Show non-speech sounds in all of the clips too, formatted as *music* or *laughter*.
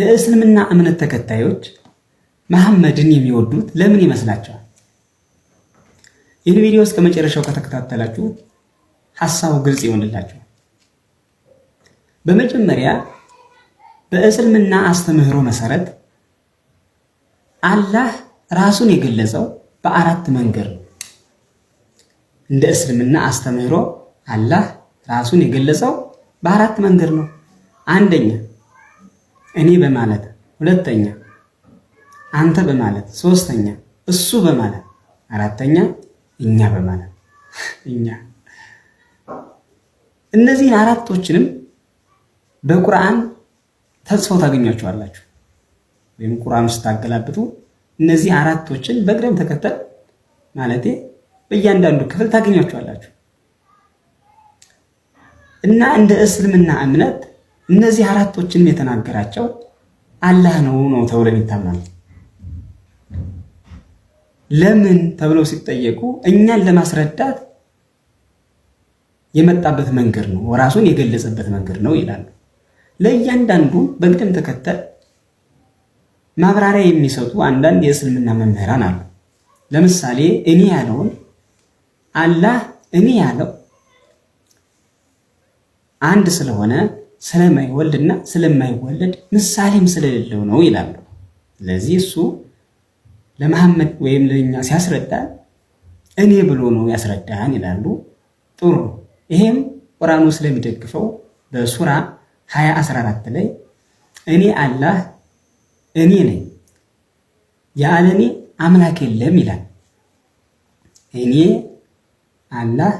የእስልምና እምነት ተከታዮች መሐመድን የሚወዱት ለምን ይመስላቸዋል? ይህን ቪዲዮ እስከ መጨረሻው ከተከታተላችሁ ሐሳቡ ግልጽ ይሆንላችኋል። በመጀመሪያ በእስልምና አስተምህሮ መሰረት አላህ ራሱን የገለጸው በአራት መንገድ ነው። እንደ እስልምና አስተምህሮ አላህ ራሱን የገለጸው በአራት መንገድ ነው። አንደኛ እኔ በማለት ሁለተኛ፣ አንተ በማለት ሶስተኛ፣ እሱ በማለት አራተኛ፣ እኛ በማለት *laughs* እኛ። እነዚህን አራቶችንም በቁርአን ተጽፈው ታገኟቸዋላችሁ። ወይም ቁርአን ውስጥ ታገላብጡ እነዚህ አራቶችን በቅደም ተከተል ማለቴ በእያንዳንዱ ክፍል ታገኟቸዋላችሁ እና እንደ እስልምና እምነት እነዚህ አራቶችንም የተናገራቸው አላህ ነው ነው ተብለን ይታምናል። ለምን ተብለው ሲጠየቁ እኛን ለማስረዳት የመጣበት መንገድ ነው፣ ራሱን የገለጸበት መንገድ ነው ይላሉ። ለእያንዳንዱ በቅደም ተከተል ማብራሪያ የሚሰጡ አንዳንድ የእስልምና መምህራን አሉ። ለምሳሌ እኔ ያለውን አላህ እኔ ያለው አንድ ስለሆነ ስለማይወልድና ስለማይወለድ ምሳሌም ስለሌለው ነው ይላሉ። ስለዚህ እሱ ለመሐመድ ወይም ለኛ ሲያስረዳ እኔ ብሎ ነው ያስረዳን ይላሉ። ጥሩ ይሄም ቁርአኑ ስለሚደግፈው በሱራ 214 ላይ እኔ አላህ እኔ ነኝ ያለ አምላክ የለም ይላል። እኔ አላህ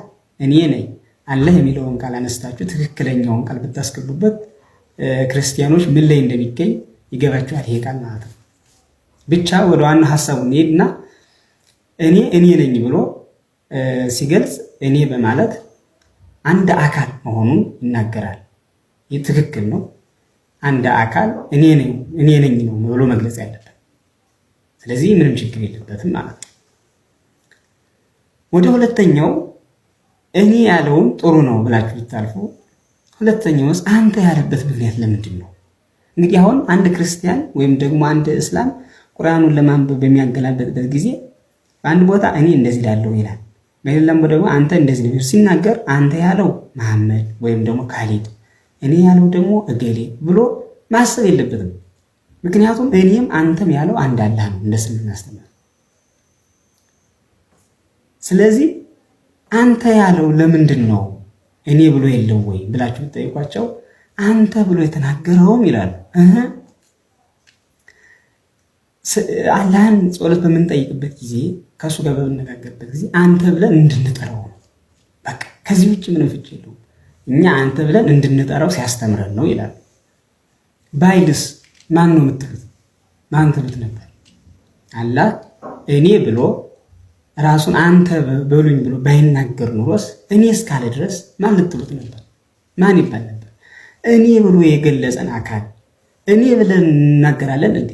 እኔ ነኝ አለህ የሚለውን ቃል አነስታችሁ ትክክለኛውን ቃል ብታስገቡበት ክርስቲያኖች ምን ላይ እንደሚገኝ ይገባችኋል። ይሄ ቃል ማለት ነው። ብቻ ወደ ዋና ሀሳቡ እንሄድና እኔ እኔ ነኝ ብሎ ሲገልጽ እኔ በማለት አንድ አካል መሆኑን ይናገራል። ይህ ትክክል ነው። አንድ አካል እኔ ነኝ ነው ብሎ መግለጽ ያለበት። ስለዚህ ምንም ችግር የለበትም ማለት ነው። ወደ ሁለተኛው እኔ ያለውን ጥሩ ነው ብላችሁ ብታልፉ፣ ውስጥ አንተ ያለበት ምክንያት ለምንድን ነው? እንግዲህ አሁን አንድ ክርስቲያን ወይም ደግሞ አንድ እስላም ቁርአኑን ለማንበብ በሚያገላበጥበት ጊዜ በአንድ ቦታ እኔ እንደዚህ ላለው ይላል፣ በሌላም ደግሞ አንተ እንደዚህ ነው ሲናገር፣ አንተ ያለው መሐመድ ወይም ደግሞ ካሊድ፣ እኔ ያለው ደግሞ እገሌ ብሎ ማሰብ የለበትም። ምክንያቱም እኔም አንተም ያለው አንድ አላህ ነው እንደ እናስተምር ስለዚህ አንተ ያለው ለምንድን ነው እኔ ብሎ የለው ወይ ብላችሁ ብትጠይቋቸው አንተ ብሎ የተናገረውም ይላሉ። አላህን ጸሎት በምንጠይቅበት ጊዜ ከእሱ ጋር በምነጋገርበት ጊዜ አንተ ብለን እንድንጠራው ነው። በቃ ከዚህ ውጭ ምንም ፍጭ የለውም። እኛ አንተ ብለን እንድንጠራው ሲያስተምረን ነው ይላል። ባይልስ ማን ነው የምትሉት? ማን ትሉት ነበር? አላህ እኔ ብሎ ራሱን አንተ በሉኝ ብሎ ባይናገር ኑሮስ እኔ እስካለ ድረስ ማን ልትሉት ነበር? ማን ይባል ነበር? እኔ ብሎ የገለጸን አካል እኔ ብለን እናገራለን እንዴ?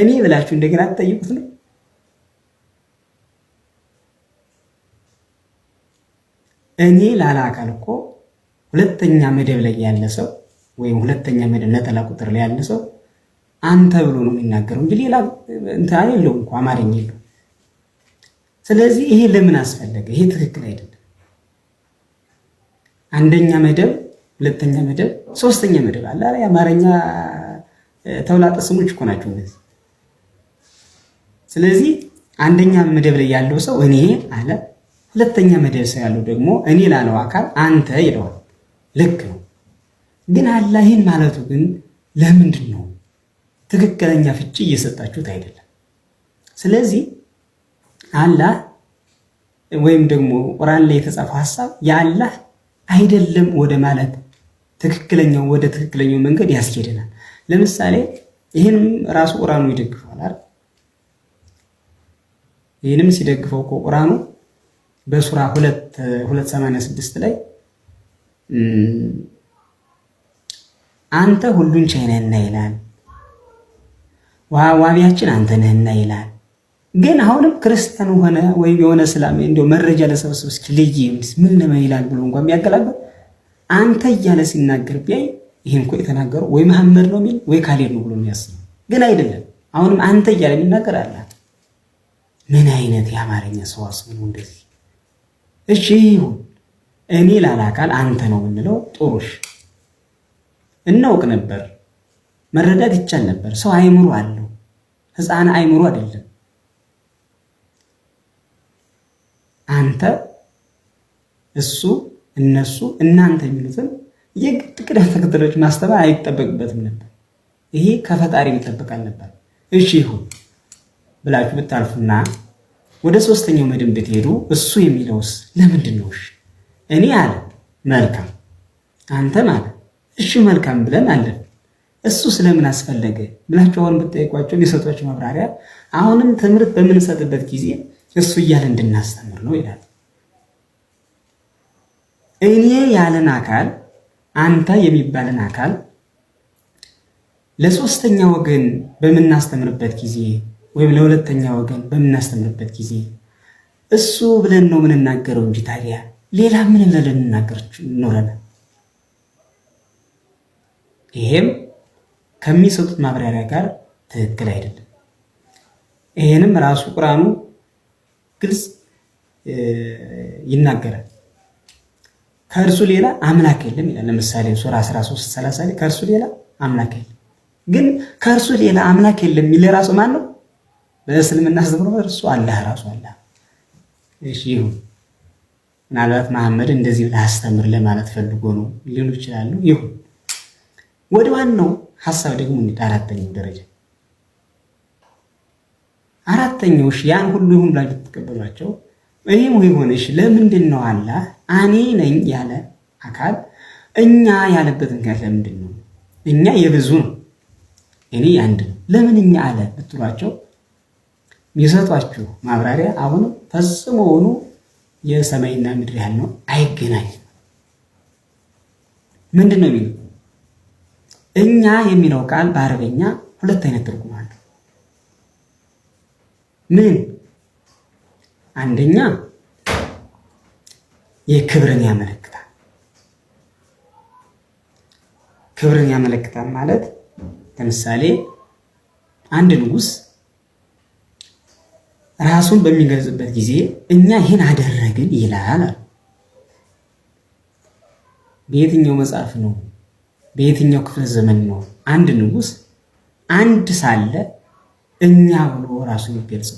እኔ ብላችሁ እንደገና ትጠይቁት ነው። እኔ ላለ አካል እኮ ሁለተኛ መደብ ላይ ያለ ሰው ወይም ሁለተኛ መደብ ነጠላ ቁጥር ላይ ያለ ሰው አንተ ብሎ ነው የሚናገረው እንጂ ሌላ እንትን የለው እኮ አማርኛ የለው። ስለዚህ ይሄ ለምን አስፈለገ? ይሄ ትክክል አይደለም። አንደኛ መደብ፣ ሁለተኛ መደብ፣ ሶስተኛ መደብ አለ። የአማርኛ ተውላጠ ስሞች እኮ ናቸው እነዚህ። ስለዚህ አንደኛ መደብ ላይ ያለው ሰው እኔ አለ፣ ሁለተኛ መደብ ሰው ያለው ደግሞ እኔ ላለው አካል አንተ ይለዋል። ልክ ነው። ግን አላህን ማለቱ ግን ለምንድን ነው? ትክክለኛ ፍቺ እየሰጣችሁት አይደለም። ስለዚህ አላህ ወይም ደግሞ ቁርአን ላይ የተጻፈው ሐሳብ የአላህ አይደለም ወደ ማለት ትክክለኛው ወደ ትክክለኛው መንገድ ያስኬደናል። ለምሳሌ ይህንም ራሱ ቁርአኑ ይደግፈዋል አይደል? ይህንም ሲደግፈው እኮ ቁርአኑ በሱራ 2 286 ላይ አንተ ሁሉን ቻይ ነህና ይላል፣ ዋቢያችን አንተ ነህና ይላል ግን አሁንም ክርስቲያን ሆነ ወይም የሆነ ስላም እንደው መረጃ ለሰብስብ እስኪ ልይ ምን ለምን ይላል ብሎ እንኳን ቢያገላብጥ አንተ እያለ ሲናገር ቢያይ ይህን እኮ የተናገረው ወይ መሐመድ ነው የሚል ወይ ካሌብ ነው ብሎ የሚያስብ ግን አይደለም። አሁንም አንተ እያለ የሚናገር አለ። ምን አይነት የአማርኛ ሰዋስው ነው እንደዚህ? እሺ ይሁን እኔ ላላካል አንተ ነው የምንለው ጥሩሽ እናውቅ ነበር፣ መረዳት ይቻል ነበር። ሰው አይምሮ አለው፣ ህፃን አይምሮ አይደለም። አንተ፣ እሱ፣ እነሱ፣ እናንተ የሚሉትን የግድ ቅደም ተከተሎች ማስተማር አይጠበቅበትም ነበር። ይሄ ከፈጣሪ ይጠበቃል ነበር። እሺ ይሁን ብላችሁ ብታልፉና ወደ ሶስተኛው መድን ብትሄዱ እሱ የሚለውስ ለምንድን ነው? እሺ እኔ አለ መልካም፣ አንተ ማለ እሺ መልካም ብለን አለን። እሱ ስለምን አስፈለገ ብላችሁ አሁን ብትጠይቋቸው ሊሰጧቸው ማብራሪያ አሁንም ትምህርት በምንሰጥበት ጊዜ እሱ እያለ እንድናስተምር ነው ይላል። እኔ ያለን አካል አንተ የሚባልን አካል ለሶስተኛ ወገን በምናስተምርበት ጊዜ ወይም ለሁለተኛ ወገን በምናስተምርበት ጊዜ እሱ ብለን ነው የምንናገረው እንጂ ታዲያ ሌላ ምን ብለን ልንናገር ይኖረናል? ይሄም ከሚሰጡት ማብራሪያ ጋር ትክክል አይደለም። ይሄንም ራሱ ቁርአኑ ግልጽ ይናገራል። ከእርሱ ሌላ አምላክ የለም ይላል። ለምሳሌ ሱራ 13 30 ላይ ከእርሱ ሌላ አምላክ የለም። ግን ከእርሱ ሌላ አምላክ የለም የሚል ራሱ ማን ነው? በእስልምና አስተምሮ እርሱ አላህ ራሱ አላህ። እሺ ይሁን። ምናልባት መሐመድ እንደዚህ ላስተምር ለማለት ፈልጎ ነው ሊሉ ይችላሉ። ይሁን። ወደ ዋናው ሀሳብ ደግሞ እንደ አራተኛው ደረጃ አራተኛው አራተኛውሽ ያን ሁሉ ይሁን ብላችሁ ተቀበሏቸው። እኔም ወይ ሆነሽ ለምንድን ነው አላ እኔ ነኝ ያለ አካል እኛ ያለበት ምክንያት ለምንድን ነው? እኛ የብዙ ነው፣ እኔ አንድ ነው። ለምን እኛ አለ ብትሏቸው የሚሰጧችሁ ማብራሪያ አሁንም ፈጽሞውኑ የሰማይና ምድር ያህል ነው፣ አይገናኝም። ምንድን ነው የሚለው እኛ የሚለው ቃል በአረበኛ ሁለት አይነት ትርጉም አለው። ምን አንደኛ የክብርን ያመለክታል። ክብርን ያመለክታል ማለት ለምሳሌ አንድ ንጉስ ራሱን በሚገልጽበት ጊዜ እኛ ይህን አደረግን ይላል። በየትኛው መጽሐፍ ነው? በየትኛው ክፍለ ዘመን ነው አንድ ንጉስ አንድ ሳለ እኛ ብሎ ራሱን ይገልጽ?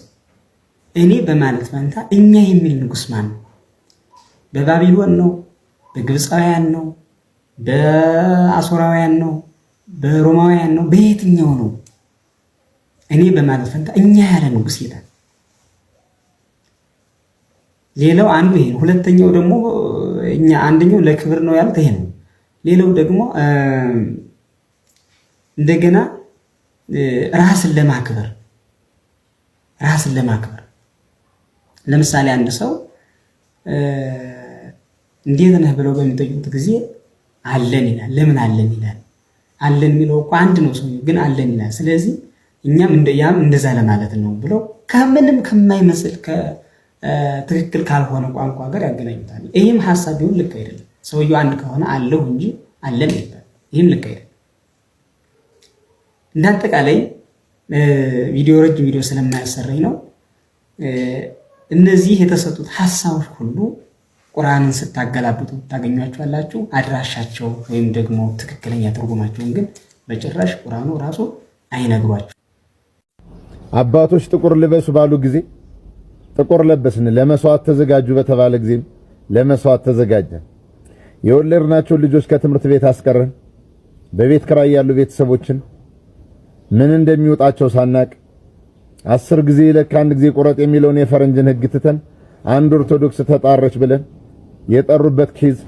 እኔ በማለት ፈንታ እኛ የሚል ንጉስ ማን ነው? በባቢሎን ነው? በግብፃውያን ነው? በአሶራውያን ነው? በሮማውያን ነው? በየትኛው ነው? እኔ በማለት ፈንታ እኛ ያለ ንጉስ ይላል። ሌላው አንዱ ይሄ ነው። ሁለተኛው ደግሞ እኛ አንደኛው ለክብር ነው ያሉት ይሄ ነው። ሌላው ደግሞ እንደገና ራስን ለማክበር ራስን ለማክበር ለምሳሌ አንድ ሰው እንዴት ነህ ብለው በሚጠይቁት ጊዜ አለን ይላል። ለምን አለን ይላል? አለን የሚለው እኮ አንድ ነው፣ ሰው ግን አለን ይላል። ስለዚህ እኛም ያም እንደዛ ለማለት ነው ብለው ከምንም ከማይመስል ትክክል ካልሆነ ቋንቋ ጋር ያገናኙታል። ይህም ሀሳብ ቢሆን ልክ አይደለም። ሰውየው አንድ ከሆነ አለሁ እንጂ አለን ይባል፣ ይህም ልክ አይደለም። እንደ አጠቃላይ ቪዲዮ ረጅም ቪዲዮ ስለማያሰራኝ ነው። እነዚህ የተሰጡት ሀሳቦች ሁሉ ቁርአንን ስታገላብጡ ታገኟቸዋላችሁ። አድራሻቸው ወይም ደግሞ ትክክለኛ ትርጉማቸውን ግን በጭራሽ ቁርአኑ ራሱ አይነግሯቸው። አባቶች ጥቁር ልበሱ ባሉ ጊዜ ጥቁር ለበስን፣ ለመስዋዕት ተዘጋጁ በተባለ ጊዜ ለመስዋዕት ተዘጋጀን። የወለድናቸው ልጆች ከትምህርት ቤት አስቀረን። በቤት ክራይ ያሉ ቤተሰቦችን ምን እንደሚወጣቸው ሳናቅ አስር ጊዜ ለካ አንድ ጊዜ ቁረጥ የሚለውን የፈረንጅን ህግ ትተን አንድ ኦርቶዶክስ ተጣረች ብለን የጠሩበት ኬዝ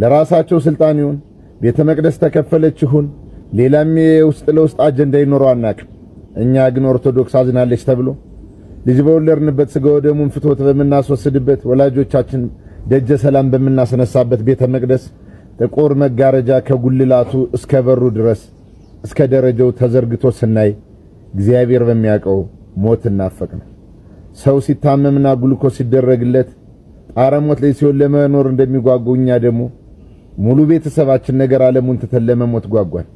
ለራሳቸው ስልጣን ይሁን ቤተ መቅደስ ተከፈለች ይሁን ሌላም የውስጥ ለውስጥ አጀንዳ ይኖረው አናቅም። እኛ ግን ኦርቶዶክስ አዝናለች ተብሎ ልጅ በወለድንበት ስጋ ወደሙን ፍትወት በምናስወስድበት ወላጆቻችን ደጀ ሰላም በምናስነሳበት ቤተ መቅደስ ጥቁር መጋረጃ ከጉልላቱ እስከ በሩ ድረስ እስከ ደረጃው ተዘርግቶ ስናይ እግዚአብሔር በሚያውቀው ሞት እናፈቅ ነው። ሰው ሲታመምና ግሉኮስ ሲደረግለት ጣረ ሞት ላይ ሲሆን ለመኖር እንደሚጓጉ እኛ ደግሞ ሙሉ ቤተሰባችን ነገር ዓለሙን ትተን ለመሞት ጓጓን።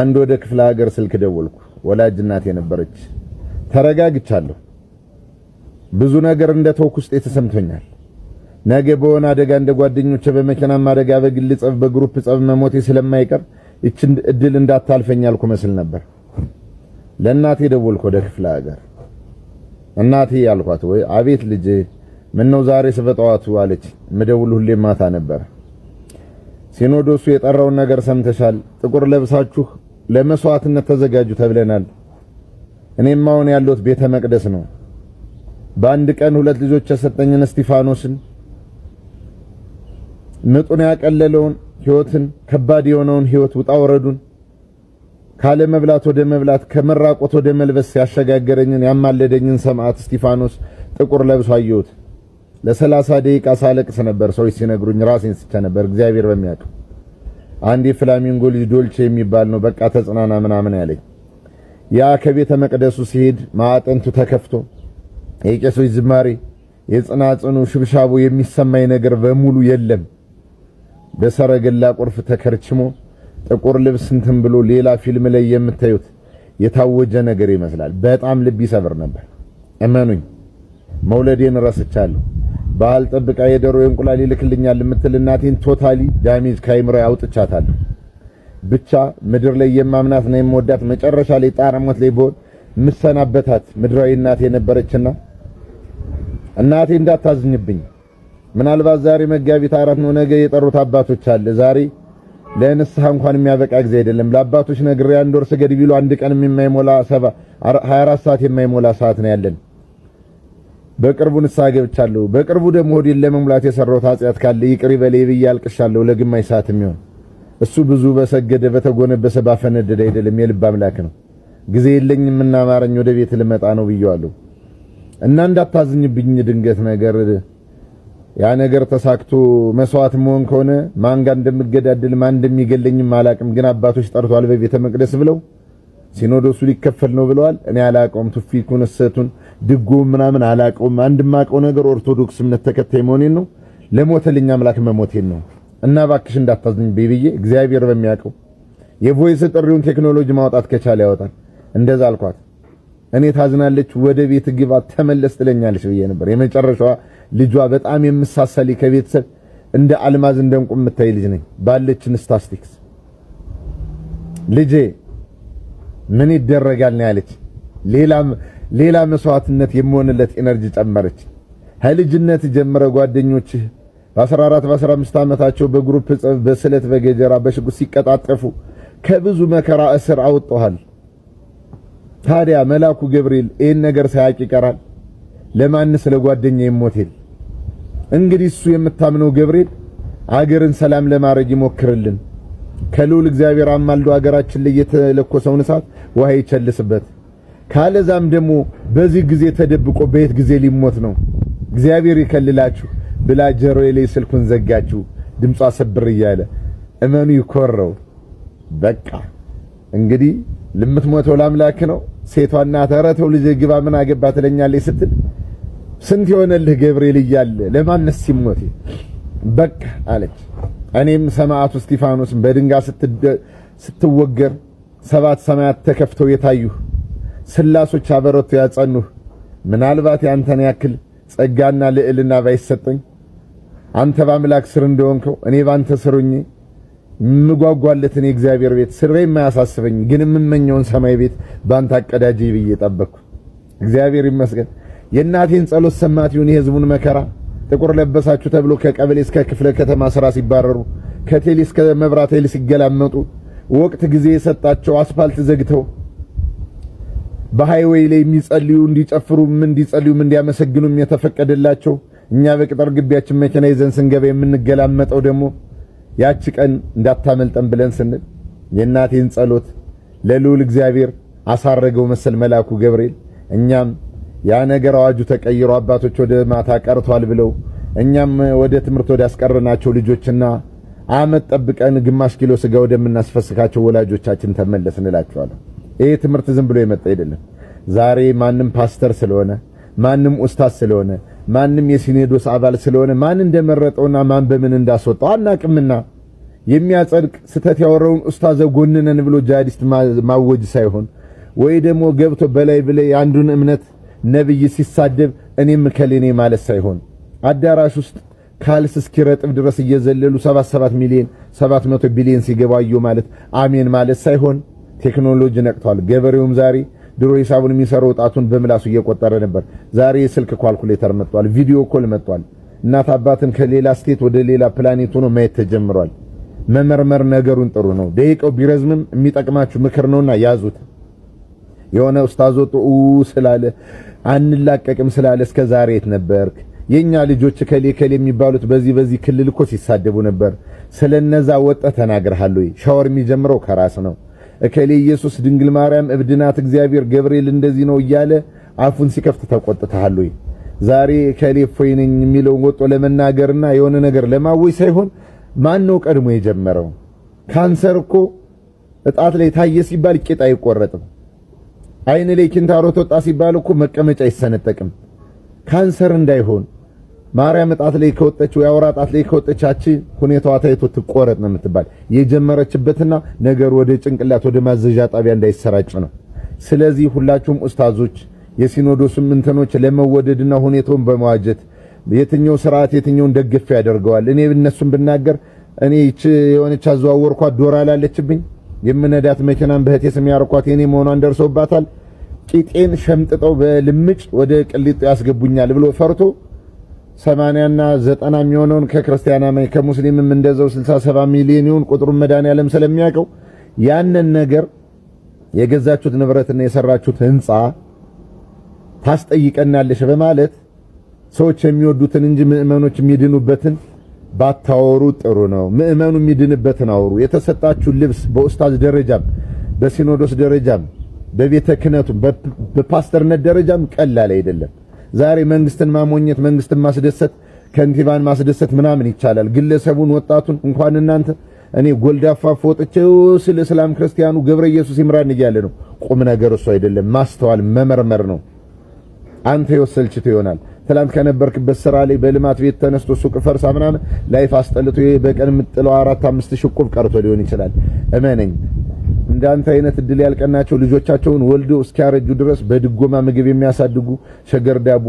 አንድ ወደ ክፍለ ሀገር ስልክ ደወልኩ። ወላጅ እናቴ ነበረች። ተረጋግቻለሁ። ብዙ ነገር እንደ ተውኩ ውስጤ ተሰምቶኛል። ነገ በሆነ አደጋ እንደ ጓደኞቼ በመኪናም አደጋ፣ በግል ጸብ፣ በግሩፕ ጸብ መሞቴ ስለማይቀር ይችን እድል እንዳታልፈኝ አልኩ መስል ነበር። ለእናቴ ደወልኩ ወደ ክፍለ ሀገር። እናቴ አልኳት። ወይ አቤት ምን ነው ዛሬ ስበጠዋቱ አለች። ምደውል ሁሌ ማታ ነበር። ሲኖዶሱ የጠራውን ነገር ሰምተሻል። ጥቁር ለብሳችሁ ለመስዋዕትነት ተዘጋጁ ተብለናል። እኔም አሁን ያለሁት ቤተ መቅደስ ነው። በአንድ ቀን ሁለት ልጆች የሰጠኝን እስጢፋኖስን ምጡን ያቀለለውን ሕይወትን ከባድ የሆነውን ሕይወት ውጣ ወረዱን ካለ መብላት ወደ መብላት ከመራቆት ወደ መልበስ ያሸጋገረኝን ያማለደኝን ሰማዕት እስጢፋኖስ ጥቁር ለብሶ አየሁት። ለሰላሳ ደቂቃ ሳለቅስ ነበር። ሰዎች ሲነግሩኝ ራሴን ስቼ ነበር። እግዚአብሔር በሚያውቀው አንድ የፍላሚንጎ ልጅ ዶልቼ የሚባል ነው። በቃ ተጽናና ምናምን ያለኝ ያ ከቤተ መቅደሱ ሲሄድ ማዕጠንቱ ተከፍቶ የቄሶች ዝማሬ፣ የጽናጽኑ ሽብሻቦ የሚሰማኝ ነገር በሙሉ የለም። በሰረገላ ቁርፍ ተከርችሞ ጥቁር ልብስ እንትን ብሎ ሌላ ፊልም ላይ የምታዩት የታወጀ ነገር ይመስላል። በጣም ልብ ይሰብር ነበር። እመኑኝ፣ መውለዴን ረስቻለሁ። ባህል ጠብቃ የደሮ እንቁላል ይልክልኛል የምትል እናቴን ቶታሊ ዳሜጅ ከአይምሮ አውጥቻታለሁ። ብቻ ምድር ላይ የማምናትና የምወዳት መጨረሻ ላይ ጣረ ላይ ብሆን ምሰናበታት ምድራዊ እናቴ ነበረችና እናቴ እንዳታዝኝብኝ። ምናልባት ዛሬ መጋቢት አራት ነው፣ ነገ የጠሩት አባቶች አለ ዛሬ ለንስሐ እንኳን የሚያበቃ ጊዜ አይደለም። ለአባቶች ነግሬ አንድ ወር ስገድ ቢሉ አንድ ቀን የማይሞላ 24 ሰዓት የማይሞላ ሰዓት ነው ያለን። በቅርቡ ንስሐ ገብቻለሁ። በቅርቡ ደግሞ ሆዴን ለመሙላት የሰራሁት ኃጢአት ካለ ይቅር ይበለኝ ብዬ አልቅሻለሁ። ለግማሽ ሰዓት የሚሆን እሱ ብዙ በሰገደ በተጎነበሰ ባፈነደደ አይደለም፣ የልብ አምላክ ነው። ጊዜ የለኝ እና አማረኝ ወደ ቤት ልመጣ ነው ብየዋለሁ እና እንዳታዝኝብኝ ድንገት ነገር ያ ነገር ተሳክቶ መስዋዕት መሆን ከሆነ ማን ጋር እንደምገዳደል ማን እንደሚገለኝም አላቅም፣ ግን አባቶች ጠርቷል በቤተ መቅደስ ብለው ሲኖዶሱ ሊከፈል ነው ብለዋል። እኔ አላቀውም፣ ቱፊ ኩነሰቱን ድጎ ምናምን አላቀውም። አንድ ማቀው ነገር ኦርቶዶክስ እምነት ተከታይ መሆኔን ነው፣ ለሞተልኝ አምላክ መሞቴን ነው። እና ባክሽ እንዳታዝኝ ብዬ እግዚአብሔር በሚያውቀው የቮይስ ጥሪውን ቴክኖሎጂ ማውጣት ከቻለ ያወጣል። እንደዛ አልኳት። እኔ ታዝናለች፣ ወደ ቤት ግባ ተመለስ ትለኛለች ብዬ ነበር የመጨረሻዋ ልጇ በጣም የምሳሳሌ ከቤተሰብ እንደ አልማዝ እንደ እንቁ የምታይ ልጅ ነኝ ባለችን ስታስቲክስ ልጄ ምን ይደረጋል ነው ያለች። ሌላ መስዋዕትነት የምሆንለት ኤነርጂ ጨመረች። ከልጅነት ጀምረ ጓደኞችህ በ14 በ15 ዓመታቸው በግሩፕ ጽፍ በስለት በገጀራ በሽጉጥ ሲቀጣጠፉ ከብዙ መከራ እስር አውጥተሃል። ታዲያ መልአኩ ገብርኤል ይህን ነገር ሳያውቅ ይቀራል? ለማን ስለ ጓደኛ ይሞቴል። እንግዲህ እሱ የምታምነው ገብርኤል አገርን ሰላም ለማድረግ ይሞክርልን። ከልዑል እግዚአብሔር አማልዶ አገራችን ላይ የተለኮሰውን እሳት ውሃ ይቸልስበት። ካለዛም ደግሞ በዚህ ጊዜ ተደብቆ በየት ጊዜ ሊሞት ነው? እግዚአብሔር ይከልላችሁ ብላ ጀሮ ላይ ስልኩን ዘጋችሁ። ድምጿ ሰብር እያለ እመኑ ይኮረው። በቃ እንግዲህ ልምትሞተው ላምላክ ነው። ሴቷና ተረተው ልጅ ግባ ምን አገባ ትለኛለች ስትል ስንት የሆነልህ ገብርኤል እያለ ለማነስ ሲሞቴ በቃ አለች። እኔም ሰማዕቱ ስቲፋኖስ በድንጋይ ስትወገር ሰባት ሰማያት ተከፍተው የታዩህ ስላሶች አበረቱ ያጸኑህ ምናልባት የአንተን ያክል ጸጋና ልዕልና ባይሰጠኝ አንተ በአምላክ ስር እንደሆንከው እኔ ባንተ ስሩኝ ሆኜ የምጓጓለትን የእግዚአብሔር ቤት ስሬ የማያሳስበኝ ግን የምመኘውን ሰማይ ቤት ባንተ አቀዳጅ ብዬ ጠበቅኩ። እግዚአብሔር ይመስገን። የእናቴን ጸሎት ሰማት ይሁን የህዝቡን መከራ ጥቁር ለበሳችሁ ተብሎ ከቀበሌ እስከ ክፍለ ከተማ ስራ ሲባረሩ ከቴሌ እስከ መብራት ኃይል ሲገላመጡ ወቅት ጊዜ የሰጣቸው አስፋልት ዘግተው በሃይዌይ ላይ የሚጸልዩ እንዲጨፍሩም እንዲጸልዩም እንዲያመሰግኑም የተፈቀደላቸው እኛ በቅጥር ግቢያችን መኪና ይዘን ስንገባ የምንገላመጠው ደግሞ ያቺ ቀን እንዳታመልጠን ብለን ስንል የእናቴን ጸሎት ለልዑል እግዚአብሔር አሳረገው መሰል መልአኩ ገብርኤል እኛም ያ ነገር አዋጁ ተቀይሮ አባቶች ወደ ማታ ቀርቷል ብለው እኛም ወደ ትምህርት ወደ ያስቀርናቸው ልጆችና አመት ጠብቀን ግማሽ ኪሎ ስጋ ወደምናስፈስካቸው ወላጆቻችን ተመለስ እንላቸዋለን። ይሄ ትምህርት ዝም ብሎ የመጣ አይደለም። ዛሬ ማንም ፓስተር ስለሆነ ማንም ኡስታዝ ስለሆነ ማንም የሲኔዶስ አባል ስለሆነ ማን እንደመረጠውና ማን በምን እንዳስወጣው አናቅምና የሚያጸድቅ ስተት ያወረውን ኡስታዘ ጎንነን ብሎ ጂሃዲስት ማወጅ ሳይሆን ወይ ደግሞ ገብቶ በላይ ብለ የአንዱን እምነት ነብይ ሲሳደብ እኔም ከሌኔ ማለት ሳይሆን አዳራሽ ውስጥ ካልስ እስኪረጥብ ድረስ እየዘለሉ 77 ሚሊዮን 700 ቢሊዮን ሲገባዩ ማለት አሜን ማለት ሳይሆን ቴክኖሎጂ ነቅቷል። ገበሬውም ዛሬ ድሮ ሂሳቡን የሚሰራው ወጣቱን በምላሱ እየቆጠረ ነበር። ዛሬ የስልክ ኳልኩሌተር መጥቷል። ቪዲዮ ኮል መጥቷል። እናት አባትን ከሌላ ስቴት ወደ ሌላ ፕላኔት ሆኖ ማየት ተጀምሯል። መመርመር ነገሩን ጥሩ ነው። ደቂቃው ቢረዝምም የሚጠቅማችሁ ምክር ነውና ያዙት። የሆነ ኡስታዝ ወጡ ስላለ አንላቀቅም ስላለ እስከ ዛሬ የት ነበርክ? የኛ ልጆች ከሌ ከሌ የሚባሉት በዚህ በዚህ ክልል እኮ ሲሳደቡ ነበር። ስለነዛ ወጣ ተናግረሃል ወይ? ሻወር የሚጀምረው ከራስ ነው። እከሌ ኢየሱስ፣ ድንግል ማርያም እብድ እግዚአብሔር ገብርኤል እንደዚህ ነው እያለ አፉን ሲከፍት ተቆጥተሃል ወይ? ዛሬ እከሌ እፎይ ነኝ የሚለውን ወጦ ለመናገርና የሆነ ነገር ለማወይ ሳይሆን ማን ነው ቀድሞ የጀመረው? ካንሰር እኮ እጣት ላይ ታየ ሲባል ቂጥ አይቆረጥም። አይን ላይ ኪንታሮት ወጣ ሲባል እኮ መቀመጫ አይሰነጠቅም። ካንሰር እንዳይሆን ማርያም ጣት ላይ ከወጠች ወይ አውራ ጣት ላይ ከወጠቻች ሁኔታዋ ታይቶ ትቆረጥ ነው የምትባል የጀመረችበትና ነገር ወደ ጭንቅላት ወደ ማዘዣ ጣቢያ እንዳይሰራጭ ነው። ስለዚህ ሁላችሁም ኡስታዞች የሲኖዶስም እንትኖች ለመወደድና ሁኔታውን በመዋጀት የትኛው ስርዓት የትኛውን ደግፍ ያደርገዋል። እኔ እነሱን ብናገር እኔ የሆነች አዘዋወርኳ ዶራ ላለችብኝ የምነዳት መኪናን በእህቴ ስም ያርኳት የኔ መሆኗን ደርሶባታል። ቂጤን ሸምጥጠው በልምጭ ወደ ቅሊጡ ያስገቡኛል ብሎ ፈርቶ ሰማንያና ዘጠና የሚሆነውን ከክርስቲያና አማኝ ከሙስሊምም እንደዛው 67 ሚሊዮን ይሁን ቁጥሩን መድኃኒዓለም ስለሚያውቀው ያንን ነገር የገዛችሁት ንብረትና የሰራችሁት ህንፃ ታስጠይቀናለሽ በማለት ሰዎች የሚወዱትን እንጂ ምእመኖች የሚድኑበትን ባታወሩ ጥሩ ነው። ምእመኑ የሚድንበትን አውሩ። የተሰጣችሁ ልብስ በኡስታዝ ደረጃም በሲኖዶስ ደረጃም በቤተ ክህነቱም በፓስተርነት ደረጃም ቀላል አይደለም። ዛሬ መንግስትን ማሞኘት፣ መንግስትን ማስደሰት፣ ከንቲባን ማስደሰት ምናምን ይቻላል። ግለሰቡን፣ ወጣቱን እንኳን እናንተ እኔ ጎልዳፋ ፎጥቼ ስለ እስላም ክርስቲያኑ ገብረ ኢየሱስ ይምራን እያለ ነው። ቁም ነገር እሱ አይደለም። ማስተዋል መመርመር ነው። አንተ የወሰልችት ይሆናል ትላንት ከነበርክበት ስራ ላይ በልማት ቤት ተነስቶ ሱቅ ፈርሳ ምናምን ላይፍ አስጠልቶ በቀን የምጥለው አራት አምስት ሺህ ቁብ ቀርቶ ሊሆን ይችላል። እመነኝ እንዳንተ አይነት እድል ያልቀናቸው ልጆቻቸውን ወልደው እስኪያረጁ ድረስ በድጎማ ምግብ የሚያሳድጉ ሸገር ዳቦ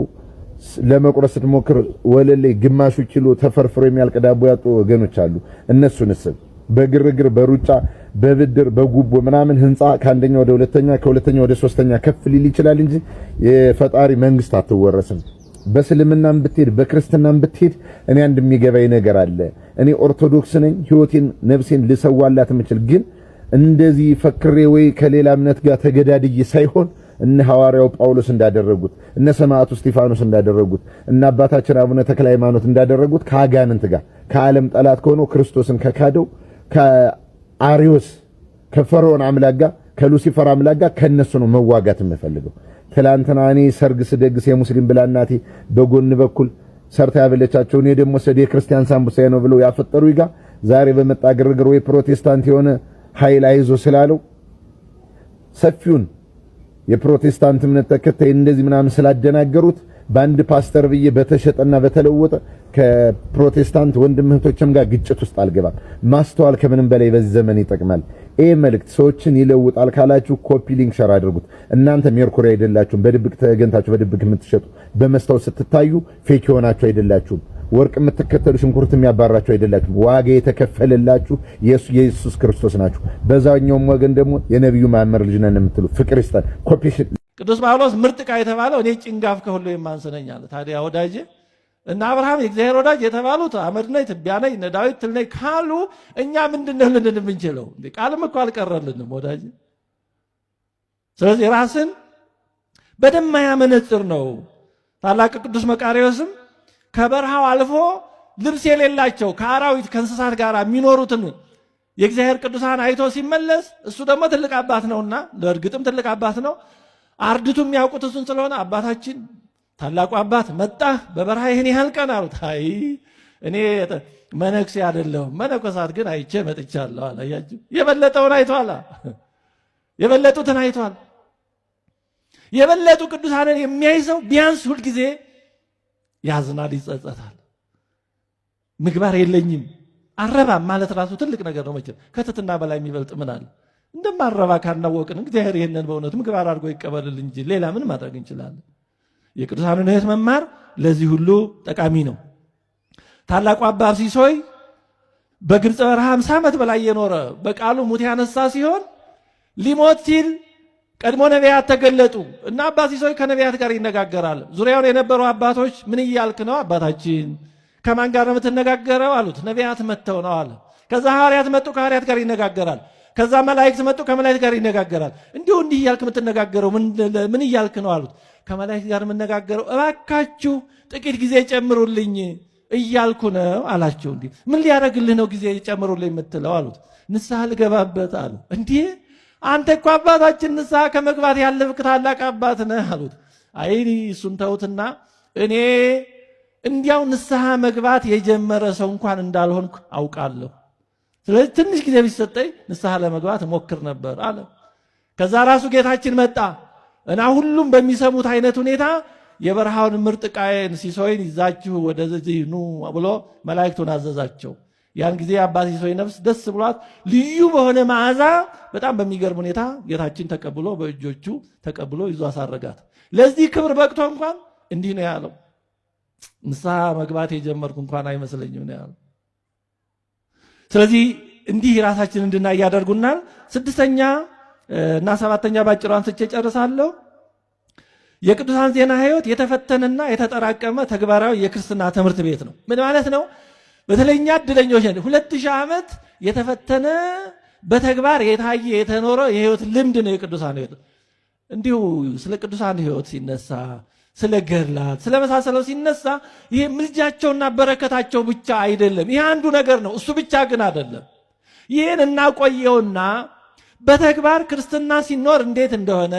ለመቁረስ ስትሞክር ወለል ላይ ግማሹ ኪሎ ተፈርፍሮ የሚያልቅ ዳቦ ያጡ ወገኖች አሉ። እነሱን እስብ በግርግር በሩጫ በብድር በጉቦ ምናምን ህንፃ ከአንደኛ ወደ ሁለተኛ ከሁለተኛ ወደ ሶስተኛ ከፍ ሊል ይችላል እንጂ የፈጣሪ መንግስት አትወረስም። በእስልምናም ብትሄድ በክርስትናም ብትሄድ እኔ አንድ የሚገባኝ ነገር አለ። እኔ ኦርቶዶክስ ነኝ፣ ህይወቴን ነፍሴን ልሰዋላት የምችል ግን እንደዚህ ፈክሬ ወይ ከሌላ እምነት ጋር ተገዳድዬ ሳይሆን እነ ሐዋርያው ጳውሎስ እንዳደረጉት እነ ሰማዕቱ እስጢፋኖስ እንዳደረጉት እነ አባታችን አቡነ ተክለ ሃይማኖት እንዳደረጉት ከአጋንንት ጋር ከዓለም ጠላት ከሆነው ክርስቶስን ከካደው ከአሪዮስ ከፈርዖን አምላክ ጋር ከሉሲፈር አምላክ ጋር ከእነሱ ነው መዋጋት የምፈልገው። ትላንትና እኔ ሰርግ ስደግስ የሙስሊም ብላ እናቴ በጎን በኩል ሰርታ ያበለቻቸው እኔ ደግሞ ሰደ ክርስቲያን ሳምቡሳ ነው ብለው ያፈጠሩ ይጋ ዛሬ በመጣ ግርግር ወይ ፕሮቴስታንት የሆነ ኃይል አይዞ ስላለው ሰፊውን የፕሮቴስታንት እምነት ተከታይ እንደዚህ ምናምን ስላደናገሩት በአንድ ፓስተር ብዬ በተሸጠና በተለወጠ ከፕሮቴስታንት ወንድም እህቶችም ጋር ግጭት ውስጥ አልገባም። ማስተዋል ከምንም በላይ በዚህ ዘመን ይጠቅማል። ይህ መልእክት ሰዎችን ይለውጣል ካላችሁ ኮፒ ሊንክ ሸር አድርጉት። እናንተ ሜርኩሪ አይደላችሁም። በድብቅ ተገንታችሁ በድብቅ የምትሸጡ በመስታወት ስትታዩ ፌክ የሆናችሁ አይደላችሁም። ወርቅ የምትከተሉ ሽንኩርት የሚያባራችሁ አይደላችሁም። ዋጋ የተከፈለላችሁ የኢየሱስ ክርስቶስ ናችሁ። በዛኛውም ወገን ደግሞ የነቢዩ ማመር ልጅ ነን የምትሉ ፍቅር ይስጠን። ቅዱስ ጳውሎስ ምርጥቃ የተባለው እኔ ጭንጋፍ ከሁሉ የማንስነኝ አለ። ታዲያ ወዳጄ እና አብርሃም የእግዚአብሔር ወዳጅ የተባሉት ትቢያ ትቢያነኝ፣ እነ ዳዊት ትልነኝ ካሉ እኛ ምንድን ነው ልንል የምንችለው? ቃልም እኮ አልቀረልንም ወዳጅ። ስለዚህ ራስን በደማያ መነጽር ነው። ታላቅ ቅዱስ መቃሪዎስም ከበረሃው አልፎ ልብስ የሌላቸው ከአራዊት ከእንስሳት ጋር የሚኖሩትን የእግዚአብሔር ቅዱሳን አይቶ ሲመለስ እሱ ደግሞ ትልቅ አባት ነውና፣ ለእርግጥም ትልቅ አባት ነው። አርድቱ የሚያውቁት እሱን ስለሆነ አባታችን ታላቁ አባት መጣ በበረሃ ይህን ያህል ቀን አሉት። አይ እኔ መነኩሴ አይደለሁም፣ መነኮሳት ግን አይቼ መጥቻለሁ አለ። የበለጠውን አይቷል፣ የበለጡትን አይቷል። የበለጡ ቅዱሳንን የሚያይ ሰው ቢያንስ ሁልጊዜ ያዝናል፣ ይጸጸታል። ምግባር የለኝም አረባ ማለት ራሱ ትልቅ ነገር ነው። መቼም ከትትና በላይ የሚበልጥ ምን አለ? እንደማረባ ካናወቅን እግዚአብሔር ይህንን በእውነት ምግባር አድርጎ ይቀበልል እንጂ ሌላ ምን ማድረግ እንችላለን? የቅዱሳኑን ሕይወት መማር ለዚህ ሁሉ ጠቃሚ ነው። ታላቁ አባ ሲሶይ በግብፅ በረሃ 50 ዓመት በላይ የኖረ በቃሉ ሙት ያነሳ ሲሆን ሊሞት ሲል ቀድሞ ነቢያት ተገለጡ እና አባ ሲሶይ ከነቢያት ጋር ይነጋገራል። ዙሪያውን የነበሩ አባቶች ምን እያልክ ነው አባታችን? ከማን ጋር ነው የምትነጋገረው አሉት። ነቢያት መጥተው ነው አለ። ከዛ ሐዋርያት መጡ፣ ከሐዋርያት ጋር ይነጋገራል። ከዛ መላእክት መጡ፣ ከመላእክት ጋር ይነጋገራል። እንዲሁ እንዲህ እያልክ የምትነጋገረው ምን እያልክ ነው አሉት። ከመላእክት ጋር የምነጋገረው እባካችሁ ጥቂት ጊዜ ጨምሩልኝ እያልኩ ነው አላቸው። እንዲህ ምን ሊያደርግልህ ነው ጊዜ ጨምሩልኝ የምትለው አሉት። ንስሐ ልገባበት አሉ። እንዲህ አንተ እኮ አባታችን ንስሐ ከመግባት ያለፍክ ታላቅ አባት ነህ አሉት። አይ እሱን ተውትና እኔ እንዲያው ንስሐ መግባት የጀመረ ሰው እንኳን እንዳልሆንኩ አውቃለሁ። ስለዚህ ትንሽ ጊዜ ቢሰጠኝ ንስሐ ለመግባት እሞክር ነበር አለ። ከዛ ራሱ ጌታችን መጣ። እና ሁሉም በሚሰሙት አይነት ሁኔታ የበረሃውን ምርጥ ቃየን ሲሶይን ይዛችሁ ወደዚህ ኑ ብሎ መላእክቱን አዘዛቸው። ያን ጊዜ አባ ሲሶይ ነፍስ ደስ ብሏት ልዩ በሆነ መዓዛ በጣም በሚገርም ሁኔታ ጌታችን ተቀብሎ በእጆቹ ተቀብሎ ይዞ አሳረጋት። ለዚህ ክብር በቅቶ እንኳን እንዲህ ነው ያለው፣ ንስሐ መግባት የጀመርኩ እንኳን አይመስለኝም ነው ያለው። ስለዚህ እንዲህ ራሳችን እንድናይ ያደርጉናል። ስድስተኛ እና ሰባተኛ ባጭሩ አንስቼ ጨርሳለሁ። የቅዱሳን ዜና ህይወት የተፈተነና የተጠራቀመ ተግባራዊ የክርስትና ትምህርት ቤት ነው። ምን ማለት ነው? በተለይኛ እድለኞች ነን። ሁለት ሺህ ዓመት የተፈተነ በተግባር የታየ የተኖረ የህይወት ልምድ ነው የቅዱሳን ህይወት። እንዲሁ ስለ ቅዱሳን ህይወት ሲነሳ ስለ ገድላት ስለመሳሰለው ሲነሳ ይህ ምልጃቸውና በረከታቸው ብቻ አይደለም። ይህ አንዱ ነገር ነው፣ እሱ ብቻ ግን አይደለም። ይህን እናቆየውና በተግባር ክርስትና ሲኖር እንዴት እንደሆነ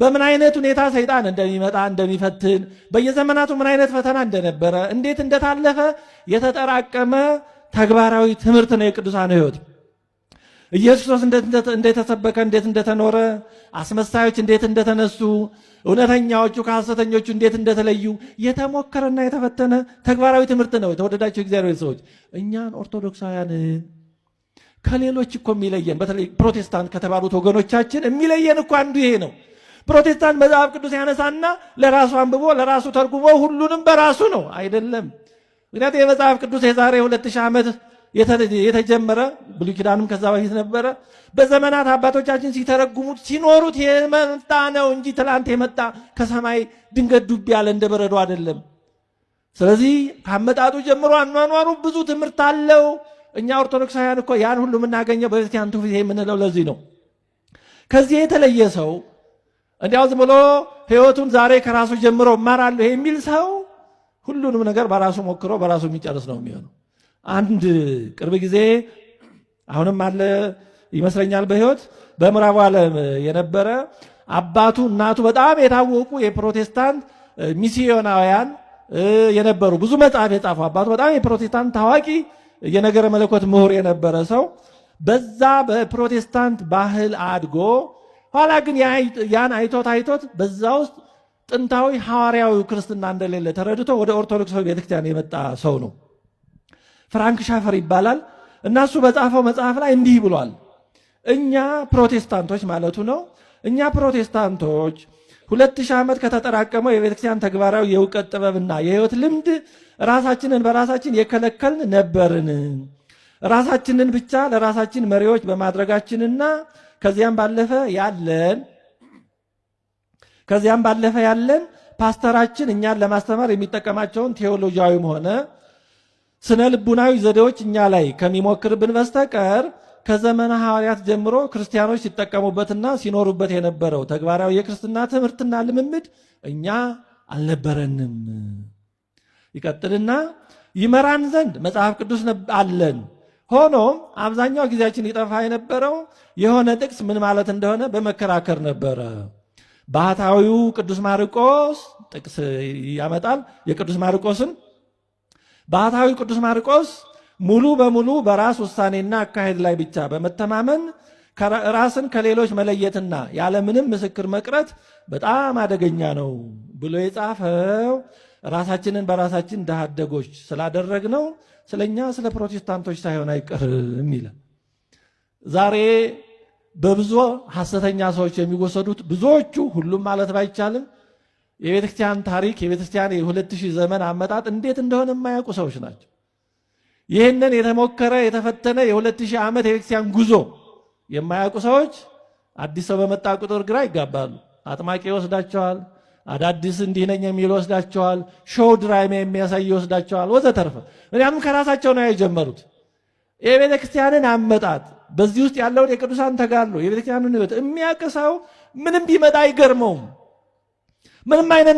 በምን አይነት ሁኔታ ሰይጣን እንደሚመጣ እንደሚፈትን፣ በየዘመናቱ ምን አይነት ፈተና እንደነበረ እንዴት እንደታለፈ የተጠራቀመ ተግባራዊ ትምህርት ነው የቅዱሳን ሕይወት። ኢየሱስ ክርስቶስ እንደተሰበከ እንዴት እንደተኖረ፣ አስመሳዮች እንዴት እንደተነሱ፣ እውነተኛዎቹ ከሐሰተኞቹ እንዴት እንደተለዩ የተሞከረና የተፈተነ ተግባራዊ ትምህርት ነው። የተወደዳቸው እግዚአብሔር ሰዎች እኛን ኦርቶዶክሳውያንን ከሌሎች እኮ የሚለየን በተለይ ፕሮቴስታንት ከተባሉት ወገኖቻችን የሚለየን እኮ አንዱ ይሄ ነው። ፕሮቴስታንት መጽሐፍ ቅዱስ ያነሳና ለራሱ አንብቦ ለራሱ ተርጉሞ ሁሉንም በራሱ ነው አይደለም። ምክንያቱም የመጽሐፍ ቅዱስ የዛሬ ሁለት ሺህ ዓመት የተጀመረ ብሉይ ኪዳንም ከዛ በፊት ነበረ። በዘመናት አባቶቻችን ሲተረጉሙት ሲኖሩት የመጣ ነው እንጂ ትላንት የመጣ ከሰማይ ድንገት ዱብ ያለ እንደ በረዶ አይደለም። ስለዚህ ከአመጣጡ ጀምሮ አኗኗሩ ብዙ ትምህርት አለው። እኛ ኦርቶዶክሳውያን እኮ ያን ሁሉ የምናገኘው በቤተክርስቲያን ትውፊት የምንለው ለዚህ ነው። ከዚህ የተለየ ሰው እንዲያው ዝም ብሎ ህይወቱን ዛሬ ከራሱ ጀምሮ እማራለሁ የሚል ሰው ሁሉንም ነገር በራሱ ሞክሮ በራሱ የሚጨርስ ነው የሚሆነው። አንድ ቅርብ ጊዜ አሁንም አለ ይመስለኛል በህይወት በምዕራቡ ዓለም የነበረ አባቱ እናቱ በጣም የታወቁ የፕሮቴስታንት ሚስዮናውያን የነበሩ ብዙ መጽሐፍ የጻፉ አባቱ በጣም የፕሮቴስታንት ታዋቂ የነገረ መለኮት ምሁር የነበረ ሰው በዛ በፕሮቴስታንት ባህል አድጎ ኋላ ግን ያን አይቶት አይቶት በዛ ውስጥ ጥንታዊ ሐዋርያዊ ክርስትና እንደሌለ ተረድቶ ወደ ኦርቶዶክሳዊ ቤተክርስቲያን የመጣ ሰው ነው። ፍራንክ ሻፈር ይባላል እናሱ በጻፈው መጽሐፍ ላይ እንዲህ ብሏል። እኛ ፕሮቴስታንቶች ማለቱ ነው። እኛ ፕሮቴስታንቶች ሁለት ሺህ ዓመት ከተጠራቀመው የቤተክርስቲያን ተግባራዊ የእውቀት ጥበብና የህይወት ልምድ ራሳችንን በራሳችን የከለከልን ነበርን። ራሳችንን ብቻ ለራሳችን መሪዎች በማድረጋችንና ከዚያም ባለፈ ያለን ከዚያም ባለፈ ያለን ፓስተራችን እኛን ለማስተማር የሚጠቀማቸውን ቴዎሎጂያዊም ሆነ ስነ ልቡናዊ ዘዴዎች እኛ ላይ ከሚሞክርብን በስተቀር ከዘመነ ሐዋርያት ጀምሮ ክርስቲያኖች ሲጠቀሙበትና ሲኖሩበት የነበረው ተግባራዊ የክርስትና ትምህርትና ልምምድ እኛ አልነበረንም። ይቀጥልና ይመራን ዘንድ መጽሐፍ ቅዱስ አለን። ሆኖም አብዛኛው ጊዜያችን ይጠፋ የነበረው የሆነ ጥቅስ ምን ማለት እንደሆነ በመከራከር ነበረ። ባህታዊው ቅዱስ ማርቆስ ጥቅስ ያመጣል። የቅዱስ ማርቆስን ባህታዊ ቅዱስ ማርቆስ ሙሉ በሙሉ በራስ ውሳኔና አካሄድ ላይ ብቻ በመተማመን ራስን ከሌሎች መለየትና ያለምንም ምስክር መቅረት በጣም አደገኛ ነው ብሎ የጻፈው ራሳችንን በራሳችን ድሃ አደጎች ስላደረግነው ስለኛ ስለ ፕሮቴስታንቶች ሳይሆን አይቀርም ይላል። ዛሬ በብዙ ሐሰተኛ ሰዎች የሚወሰዱት ብዙዎቹ፣ ሁሉም ማለት ባይቻልም የቤተክርስቲያን ታሪክ የቤተክርስቲያን የሁለት ሺህ ዘመን አመጣጥ እንዴት እንደሆነ የማያውቁ ሰዎች ናቸው። ይህንን የተሞከረ የተፈተነ የሁለት ሺህ ዓመት የቤተክርስቲያን ጉዞ የማያውቁ ሰዎች አዲስ ሰው በመጣ ቁጥር ግራ ይጋባሉ። አጥማቂ ይወስዳቸዋል። አዳዲስ እንዲህ ነኝ የሚል ወስዳቸዋል። ሾው ድራማ የሚያሳይ ይወስዳቸዋል፣ ወዘተርፈ። ምክንያቱም ከራሳቸው ነው የጀመሩት። የቤተ ክርስቲያንን አመጣጥ በዚህ ውስጥ ያለውን የቅዱሳን ተጋድሎ የቤተ ክርስቲያንን ሕይወት ምንም ቢመጣ አይገርመውም። ምንም አይነት